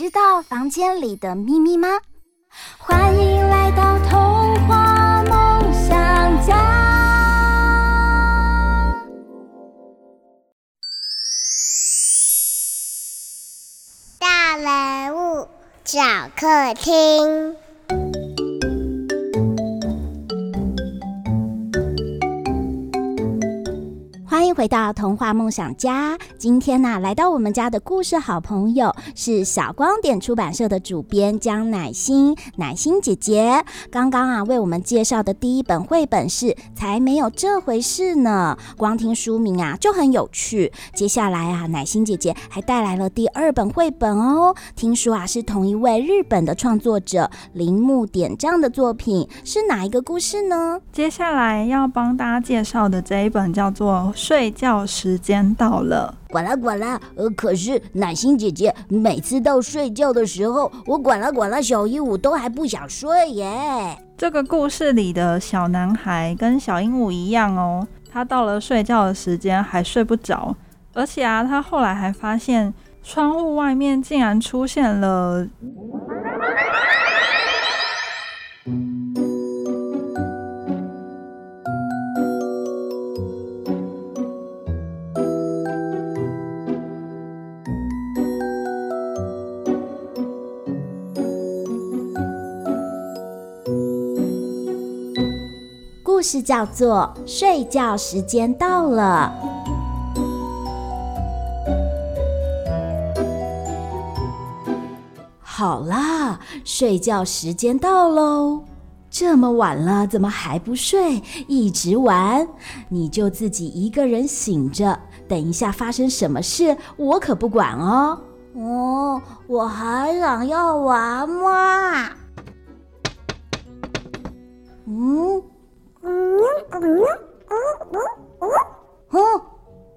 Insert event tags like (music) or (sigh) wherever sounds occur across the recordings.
知道房間裡的秘密嗎？歡迎來到童話夢想家。大人物小客廳。歡迎回到童話夢想家。今天呢、啊，來到我們家的故事好朋友是小光點出版社的主編江乃欣，乃欣姐姐剛剛啊為我們介紹的第一本繪本是《才沒有這回事呢》，光聽書名啊就很有趣。接下來啊，乃欣姐姐還帶來了第二本繪本哦，聽說啊是同一位日本的創作者鈴木典丈的作品。是哪一個故事呢？接下來要幫大家介紹的這一本叫做。睡覺時間到了，管啦管啦，可是乃欣姐姐每次到睡覺的時候，我管啦管啦，小鸚鵡都還不想睡耶。這個故事裡的小男孩跟小鸚鵡一樣哦，他到了睡覺的時間還睡不着，而且啊，他後來還發現窗戶外面竟然出現了。故事叫做《睡覺時間到了》。好啦，睡覺時間到嘍！這麼晚了，怎麼還不睡？一直玩，你就自己一個人醒着。等一下發生什麼事，我可不管哦。哦，我還想要玩嘛。嗯。嗯，嗯，嗯，嗯，嗯，嗯。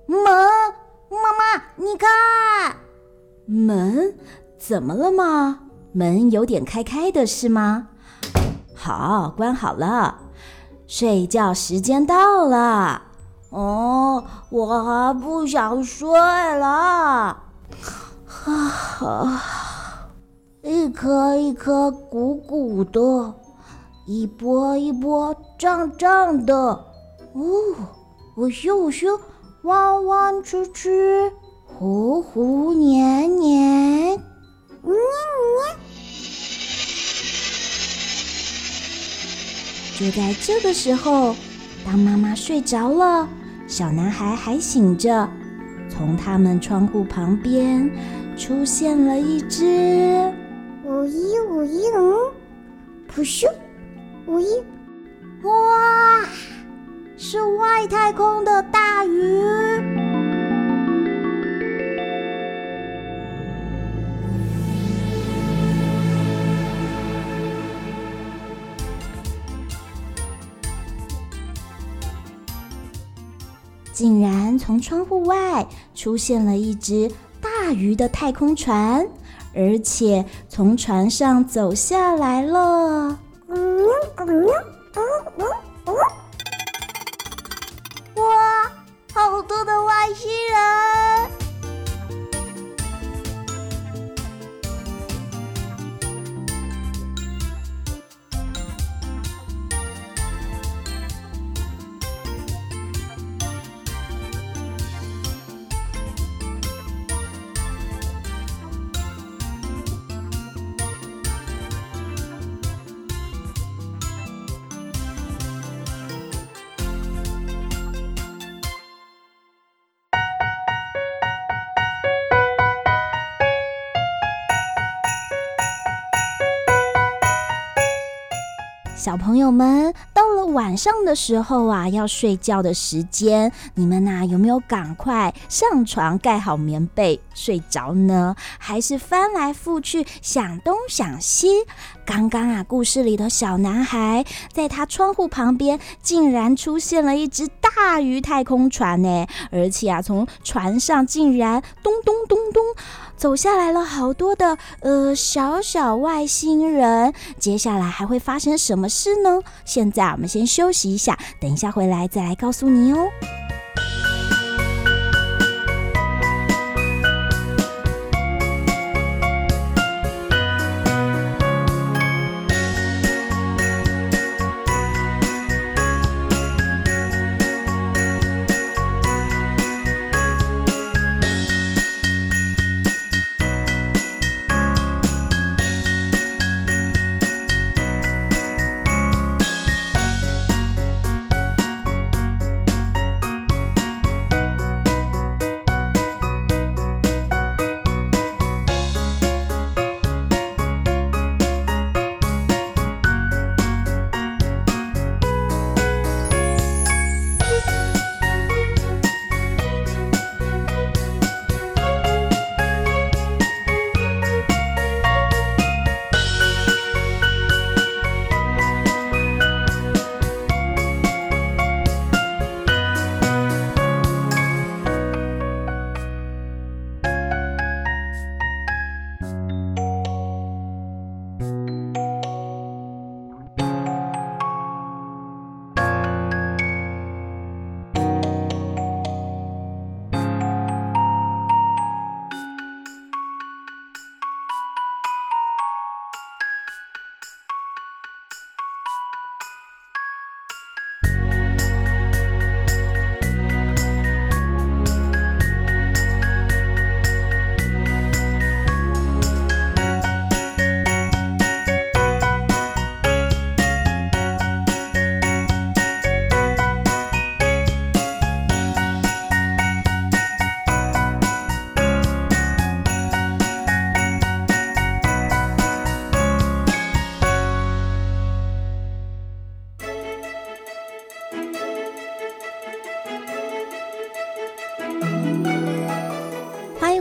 門，媽媽，你看。門怎麼了嘛？門有點開開的，是嗎？好，關好了。睡覺時間到了。哦，我還不想睡了。哈，一顆一顆鼓鼓的。一波一波脹脹的，嗚、哦，我修我修彎彎曲曲，糊糊黏黏，嗚嗚。 (noise) 就在這個時候，當媽媽睡着了，小男孩還醒着。從他們窗戶旁邊出現了一隻五一五一五，撲咻。 (noise) 噗咻一哇，是外太空的大魚！竟然從窗戶外出現了一只大魚的太空船，而且從船上走下來了。喵喵喵！嗚嗚嗚！嗯嗯嗯嗯、哇，好多的外星人！小朋友們，到了晚上的時候啊，要睡覺的時間，你們吶，有沒有趕快上床蓋好棉被睡着呢？還是翻來覆去想東想西？剛剛啊，故事裡的小男孩在他窗戶旁邊，竟然出現了一隻大魚太空船呢！而且啊，從船上竟然咚咚咚咚走下來了好多的呃小小外星人。接下來還會發生什麼事呢？現在我們先休息一下，等一下回來再來告訴你哦。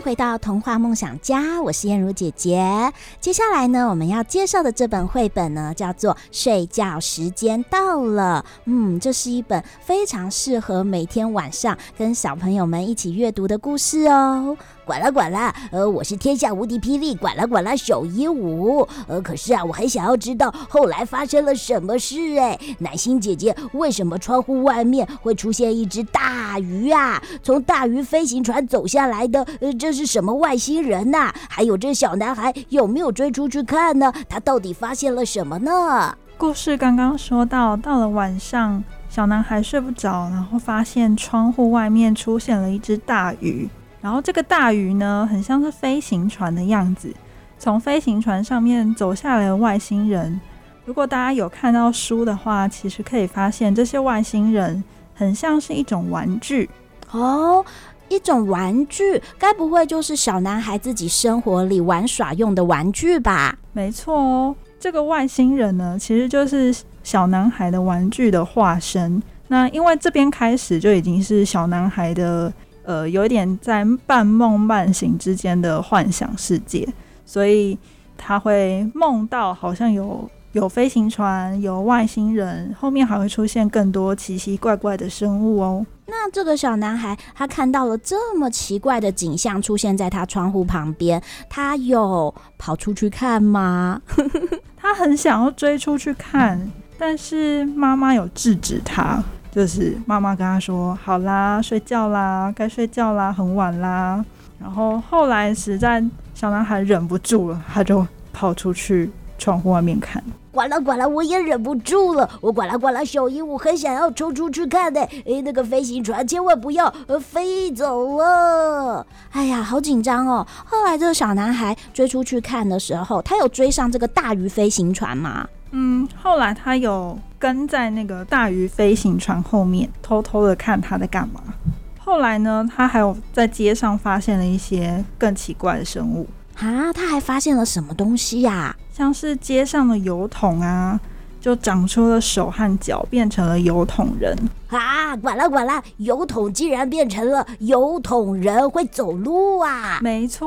回到童話夢想家，我是燕如姐姐。接下來呢，我們要介紹的這本繪本呢，叫做《睡覺時間到了》。嗯，這是一本非常適合每天晚上跟小朋友們一起閱讀的故事哦。管了管了，呃，我是天下無敵霹靂，管了管了，小鸚鵡。呃，可是啊，我很想要知道後來發生了什麼事，欸。哎，乃欣姐姐，為什麼窗戶外面會出現一隻大魚啊？從大魚飛行船走下來的，呃，這是什麼外星人吶，啊？還有這小男孩有沒有追出去看呢？他到底發現了什麼呢？故事剛剛說到，到了晚上，小男孩睡不着，然後發現窗戶外面出現了一隻大魚。然後這個大魚呢，很像是飛行船的樣子，從飛行船上面走下來的外星人。如果大家有看到書的話，其實可以發現這些外星人很像是一種玩具哦，一種玩具，該不會就是小男孩自己生活裡玩耍用的玩具吧？沒錯哦，這個外星人呢，其實就是小男孩的玩具的化身。那因為這邊開始就已經是小男孩的。呃，有一點在半夢半醒之間的幻想世界，所以他會夢到好像有有飛行船、有外星人，後面還會出現更多奇奇怪怪的生物哦。那這個小男孩他看到了這麼奇怪的景象出現在他窗戶旁邊，他有跑出去看嗎？ (laughs) 他很想要追出去看，但是媽媽有制止他。就是媽媽跟他說：“好啦，睡覺啦，該睡覺啦，很晚啦。”然後後來實在小男孩忍不住了，他就跑出去窗戶外面看了。管啦管啦，我也忍不住了，我管啦管啦，小姨，我很想要衝出去看的誒，那個飛行船千萬不要飛走了！哎呀，好緊張哦。後來這個小男孩追出去看的時候，他有追上這個大魚飛行船嗎？嗯，後來他有。跟在那個大魚飛行船後面，偷偷的看他在幹嘛。後來呢，他還有在街上發現了一些更奇怪的生物。啊，他還發現了什麼東西呀、啊？像是街上的郵筒啊，就長出了手和腳，變成了郵筒人。啊，管了管了，郵筒竟然變成了郵筒人，會走路啊？沒錯，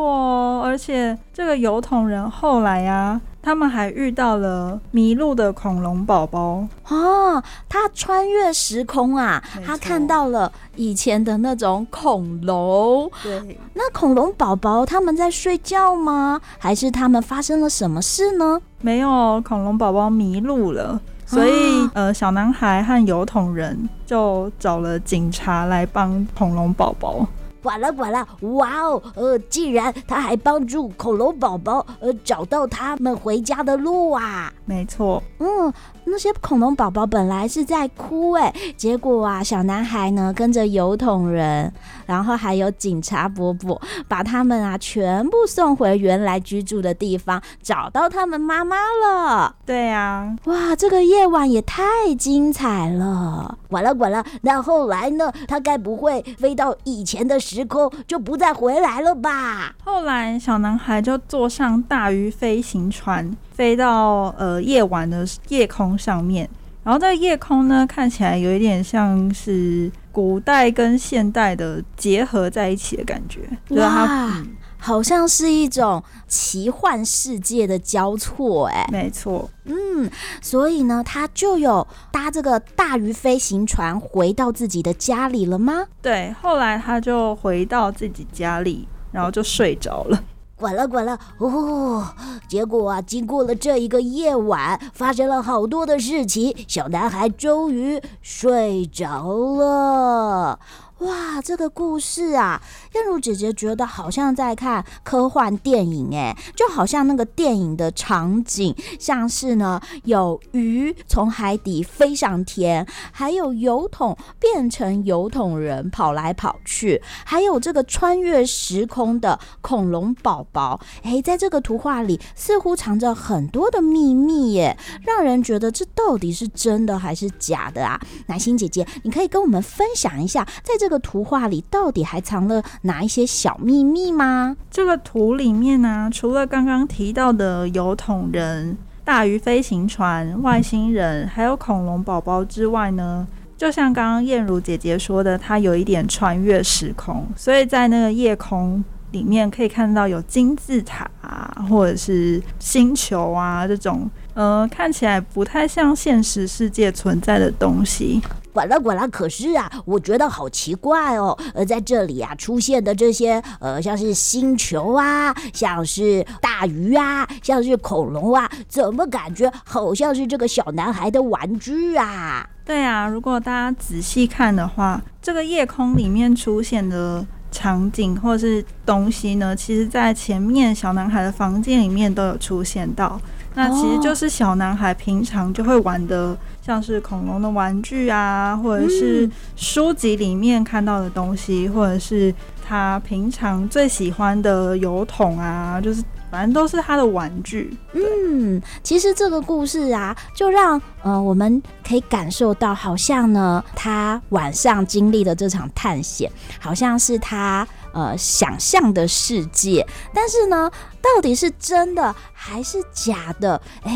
而且這個郵筒人後來呀、啊。他們還遇到了迷路的恐龍寶寶哦，他穿越時空啊，沒錯。他看到了以前的那種恐龍。對，那恐龍寶寶他們在睡覺嗎？還是他們發生了什麼事呢？沒有，恐龍寶寶迷路了，所以、啊、呃，小男孩和郵筒人就找了警察來幫恐龍寶寶。管了管了，哇哦，呃，竟然他還幫助恐龍寶寶呃找到他們回家的路啊，沒錯，嗯，那些恐龍寶寶本來是在哭哎、欸，結果啊，小男孩呢跟着郵筒人，然後還有警察伯伯，把他們啊全部送回原來居住的地方，找到他們媽媽了。對呀、啊，哇，這個夜晚也太精彩了。管了管了，那後來呢？他該不會飛到以前的時時空就不再回來了吧。後來，小男孩就坐上大魚飛行船，飛到呃夜晚的夜空上面。然後在夜空呢，看起來有一點像是古代跟現代的結合在一起的感覺。就是他哇好像是一種奇幻世界的交錯欸，沒錯，嗯，所以呢，他就有搭這個大魚飛行船回到自己的家裡了嗎？對，後來他就回到自己家裡，然後就睡着了，管了管了，哦吼吼，結果啊，經過了這一個夜晚，發生了好多的事情，小男孩終於睡着了，哇，這個故事啊。正如姐姐覺得好像在看科幻電影，誒，就好像那個電影的場景，像是呢，有魚從海底飛上天，還有郵筒變成郵筒人跑來跑去，還有這個穿越時空的恐龍寶寶，誒，在這個圖畫裡似乎藏着很多的秘密耶，讓人覺得這到底是真的還是假的啊？乃欣姐姐，你可以跟我們分享一下，在這個圖畫裡到底還藏了拿一些小祕密嗎？這個圖裡面呢、啊，除了剛剛提到的郵筒人、大魚飛行船、外星人，還有恐龍寶寶之外呢，就像剛剛燕如姐姐說的，它有一點穿越時空，所以在那個夜空裡面可以看到有金字塔、啊、或者是星球啊這種，呃，看起來不太像現實世界存在的東西。管了管了，可是啊，我覺得好奇怪哦。呃，在這裡啊出現的這些，呃，像是星球啊，像是大魚啊，像是恐龍啊，怎麼感覺好像是這個小男孩的玩具啊？對啊，如果大家仔細看的話，這個夜空裡面出現的場景或是東西呢，其實在前面小男孩的房間裡面都有出現到。那其實就是小男孩平常就會玩的。像是恐龍的玩具啊，或者是書籍裡面看到的東西，嗯、或者是他平常最喜歡的郵筒啊，就是反正都是他的玩具。對，嗯，其實這個故事啊，就讓呃我們可以感受到，好像呢，他晚上經歷的這場探險，好像是他呃想象的世界，但是呢，到底是真的還是假的？哎，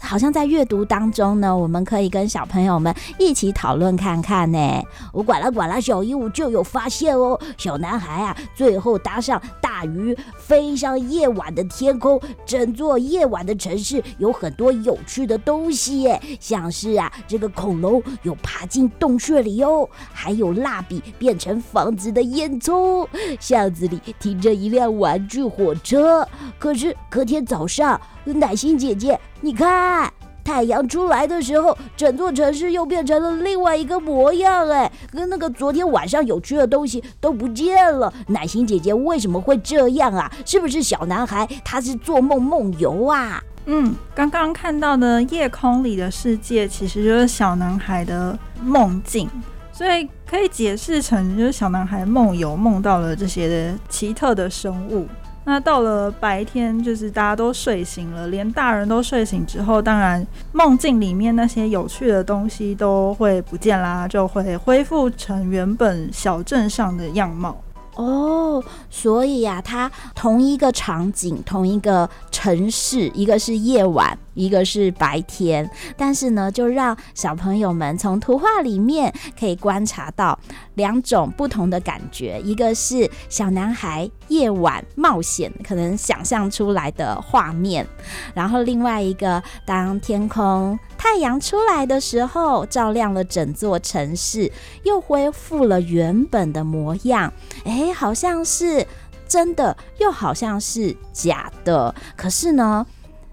好像在閱讀當中呢，我們可以跟小朋友們一起討論看看呢。我管啦管啦，小鸚鵡就有發現哦。小男孩啊，最後搭上大魚，飛上夜晚的天空。整座夜晚的城市有很多有趣的東西耶，像是啊，這個恐龍有爬進洞穴裡哦，還有蠟筆變成房子的煙囪，巷子裡停着一輛玩具火車。可是隔天早上，乃欣姐姐，你看太陽出來的時候，整座城市又變成了另外一個模樣哎、欸，跟那個昨天晚上有趣的東西都不見了。乃欣姐姐，為什麼會這樣啊？是不是小男孩他是做夢夢遊啊？嗯，剛剛看到的夜空裡的世界其實就是小男孩的夢境，所以可以解釋成就是小男孩夢遊夢到了這些的奇特的生物。那到了白天，就是大家都睡醒了，連大人都睡醒之後，當然夢境裡面那些有趣的東西都會不見啦，就會恢復成原本小鎮上的樣貌。哦，oh, 所以呀、啊，它同一個場景、同一個城市，一個是夜晚，一個是白天，但是呢，就讓小朋友們從圖畫裡面可以觀察到兩種不同的感覺，一個是小男孩夜晚冒險可能想象出來的畫面，然後另外一個當天空。太陽出來的時候，照亮了整座城市，又恢復了原本的模樣。哎、欸，好像是真的，又好像是假的。可是呢，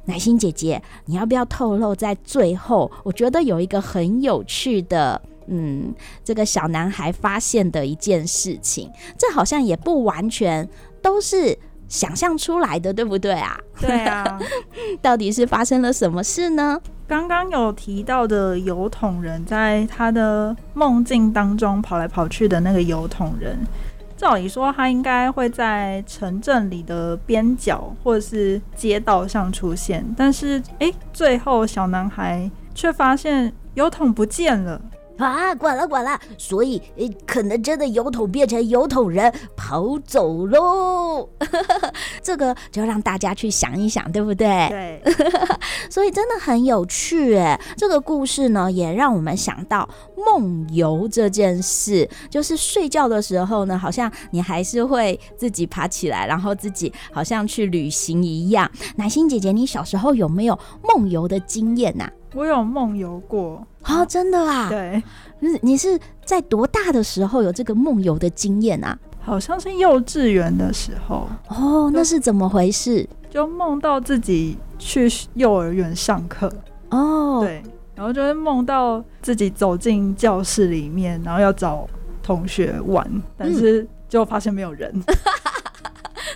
乃欣姐姐，你要不要透露在最後？我覺得有一個很有趣的，嗯，這個小男孩發現的一件事情，這好像也不完全都是想象出來的，對不對啊？對啊。 (laughs) 到底是發生了什麼事呢？剛剛有提到的郵筒人，在他的夢境當中跑來跑去的那個郵筒人，照理說他應該會在城鎮裡的邊角或者是街道上出現，但是誒，最後小男孩卻發現郵筒不見了。啊，管了管了，所以可能真的郵筒變成郵筒人跑走嘍。 (laughs) 這個就讓大家去想一想，對不對？對， (laughs) 所以真的很有趣哎。這個故事呢，也讓我們想到夢遊這件事，就是睡覺的時候呢，好像你還是會自己爬起來，然後自己好像去旅行一樣。乃欣姐姐，你小時候有沒有夢遊的經驗吶、啊？我有夢遊過哦，oh, 真的啦、啊！對，你你是在多大的時候有這個夢遊的經驗啊？好像是幼稚園的時候哦，oh, 就那是怎麼回事？就夢到自己去幼兒園上課哦，oh. 對，然後就是夢到自己走進教室裡面，然後要找同學玩，但是就發現沒有人。嗯 (laughs)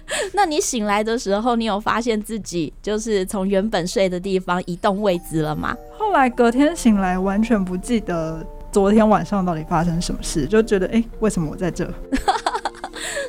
(laughs) 那你醒來的時候，你有發現自己就是從原本睡的地方移動位置了嗎？後來隔天醒來，完全不記得昨天晚上到底發生什麼事，就覺得哎、欸，為什麼我在這？ (laughs)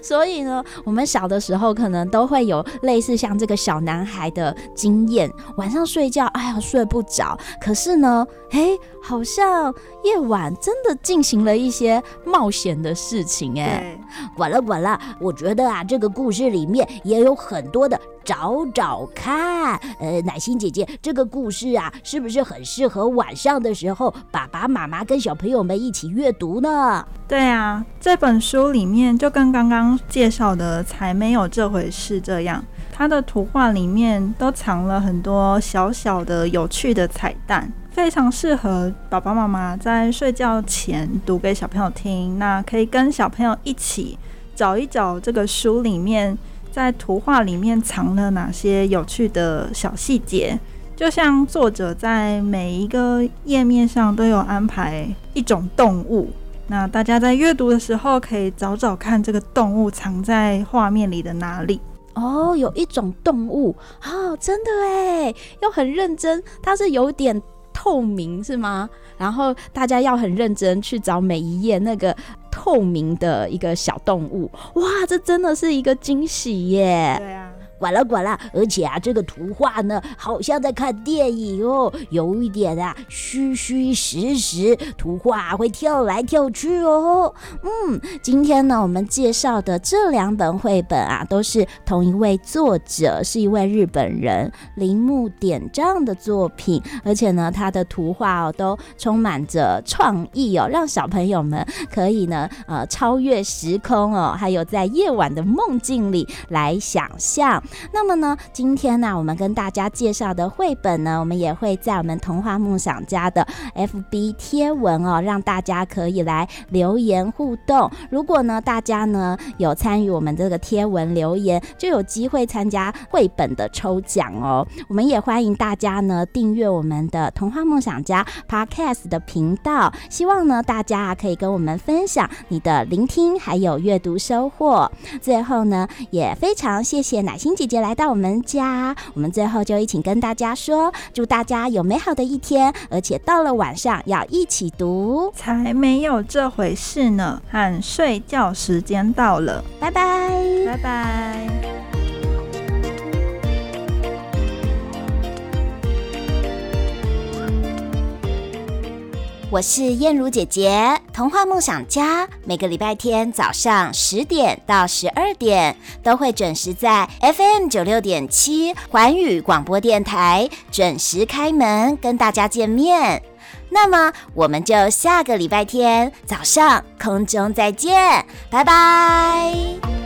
所以呢，我們小的時候可能都會有類似像這個小男孩的經驗，晚上睡覺，哎呀睡不着，可是呢，哎、欸，好像夜晚真的進行了一些冒險的事情、欸，哎、嗯，完了完了，我覺得啊，這個故事裡面也有很多的。找找看，呃，乃欣姐姐，這個故事啊，是不是很適合晚上的時候爸爸媽媽跟小朋友們一起閱讀呢？對啊，這本書裡面就跟剛剛介紹的《才沒有這回事》這樣，它的圖畫裡面都藏了很多小小的有趣的彩蛋，非常適合爸爸媽媽在睡覺前讀給小朋友聽。那可以跟小朋友一起找一找這個書裡面。在圖畫裡面藏了哪些有趣的小細節？就像作者在每一個頁面上都有安排一種動物，那大家在閱讀的時候可以找找看這個動物藏在畫面裡的哪裡。哦，有一種動物，哦，真的哎，又很認真，它是有點。透明是嗎？然後大家要很認真去找每一頁那個透明的一個小動物。哇，這真的是一個驚喜耶！嗯，對啊。管了管了，而且啊，這個圖畫呢，好像在看電影哦，有一點啊虛虛實實，圖畫、啊、會跳來跳去哦。嗯，今天呢，我們介紹的這兩本繪本啊，都是同一位作者，是一位日本人鈴木典丈的作品，而且呢，他的圖畫哦，都充滿着創意哦，讓小朋友們可以呢，呃，超越時空哦，還有在夜晚的夢境裡來想象。那麼呢，今天呢、啊，我們跟大家介紹的繪本呢，我們也會在我們童話夢想家的 FB 貼文哦，讓大家可以來留言互動。如果呢，大家呢有參與我們這個貼文留言，就有機會參加繪本的抽獎哦。我們也歡迎大家呢訂閱我們的童話夢想家 Podcast 的頻道，希望呢大家可以跟我們分享你的聆聽還有閱讀收穫。最後呢，也非常謝謝乃欣。姐姐來到我們家，我們最後就一起跟大家說：祝大家有美好的一天，而且到了晚上要一起讀。才沒有這回事呢！喊睡覺時間到了，拜拜，拜拜。我是燕如姐姐，童話夢想家。每個禮拜天早上十點到十二點，都會準時在 FM 九六點七環宇廣播電台準時開門跟大家見面。那麼，我們就下個禮拜天早上空中再見，拜拜。